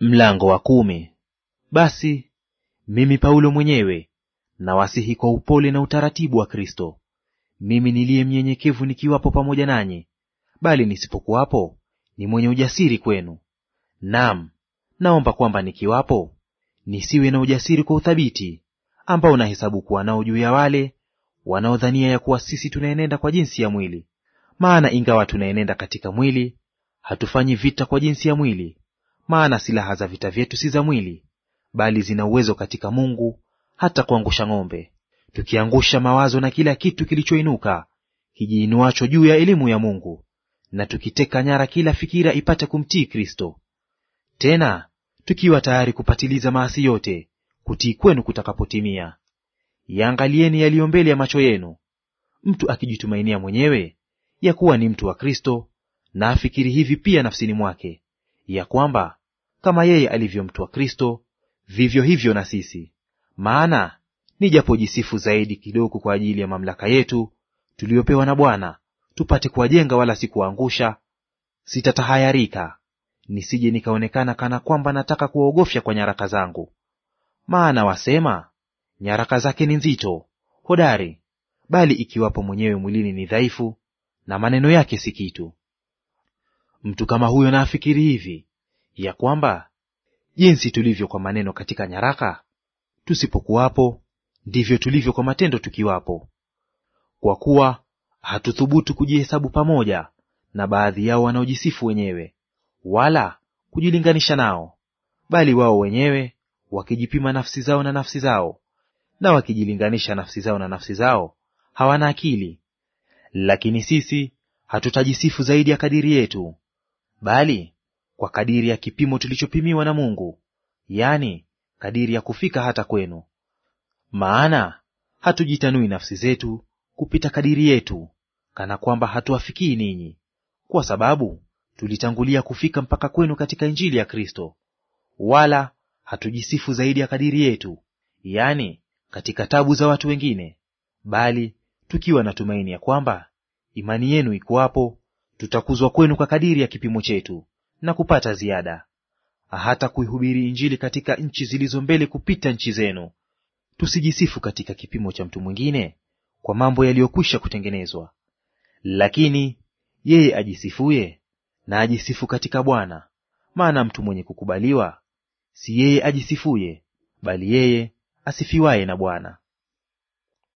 Mlango wa kumi. Basi mimi Paulo mwenyewe nawasihi kwa upole na utaratibu wa Kristo, mimi niliye mnyenyekevu nikiwapo pamoja nanyi, bali nisipokuwapo ni mwenye ujasiri kwenu. Naam, naomba kwamba nikiwapo nisiwe na ujasiri kwa uthabiti ambao nahesabu kuwa nao juu ya wale wanaodhania ya kuwa sisi tunaenenda kwa jinsi ya mwili. Maana ingawa tunaenenda katika mwili, hatufanyi vita kwa jinsi ya mwili maana silaha za vita vyetu si za mwili, bali zina uwezo katika Mungu hata kuangusha ng'ombe, tukiangusha mawazo na kila kitu kilichoinuka kijiinuacho juu ya elimu ya Mungu, na tukiteka nyara kila fikira ipate kumtii Kristo. Tena tukiwa tayari kupatiliza maasi yote, kutii kwenu kutakapotimia. Yaangalieni yaliyo mbele ya macho yenu, mtu akijitumainia mwenyewe ya kuwa ni mtu wa Kristo, na afikiri hivi pia nafsini mwake ya kwamba kama yeye alivyomtwa Kristo, vivyo hivyo na sisi. Maana nijapojisifu zaidi kidogo kwa ajili ya mamlaka yetu tuliyopewa na Bwana, tupate kuwajenga wala si kuwaangusha, sitatahayarika nisije nikaonekana kana kwamba nataka kuwaogofya kwa nyaraka zangu. Maana wasema nyaraka zake ni nzito hodari, bali ikiwapo mwenyewe mwilini ni dhaifu, na maneno yake si kitu. Mtu kama huyo na afikiri hivi ya kwamba jinsi tulivyo kwa maneno katika nyaraka, tusipokuwapo ndivyo tulivyo kwa matendo tukiwapo. Kwa kuwa hatuthubutu kujihesabu pamoja na baadhi yao wanaojisifu wenyewe, wala kujilinganisha nao, bali wao wenyewe wakijipima nafsi zao na nafsi zao, na wakijilinganisha nafsi zao na nafsi zao, hawana akili. Lakini sisi hatutajisifu zaidi ya kadiri yetu bali kwa kadiri ya kipimo tulichopimiwa na Mungu, yani kadiri ya kufika hata kwenu. Maana hatujitanui nafsi zetu kupita kadiri yetu, kana kwamba hatuwafikii ninyi, kwa sababu tulitangulia kufika mpaka kwenu katika Injili ya Kristo. Wala hatujisifu zaidi ya kadiri yetu, yani katika tabu za watu wengine, bali tukiwa na tumaini ya kwamba imani yenu iko hapo tutakuzwa kwenu kwa kadiri ya kipimo chetu na kupata ziada, hata kuihubiri Injili katika nchi zilizo mbele kupita nchi zenu. Tusijisifu katika kipimo cha mtu mwingine kwa mambo yaliyokwisha kutengenezwa. Lakini yeye ajisifuye na ajisifu katika Bwana. Maana mtu mwenye kukubaliwa si yeye ajisifuye, bali yeye asifiwaye na Bwana.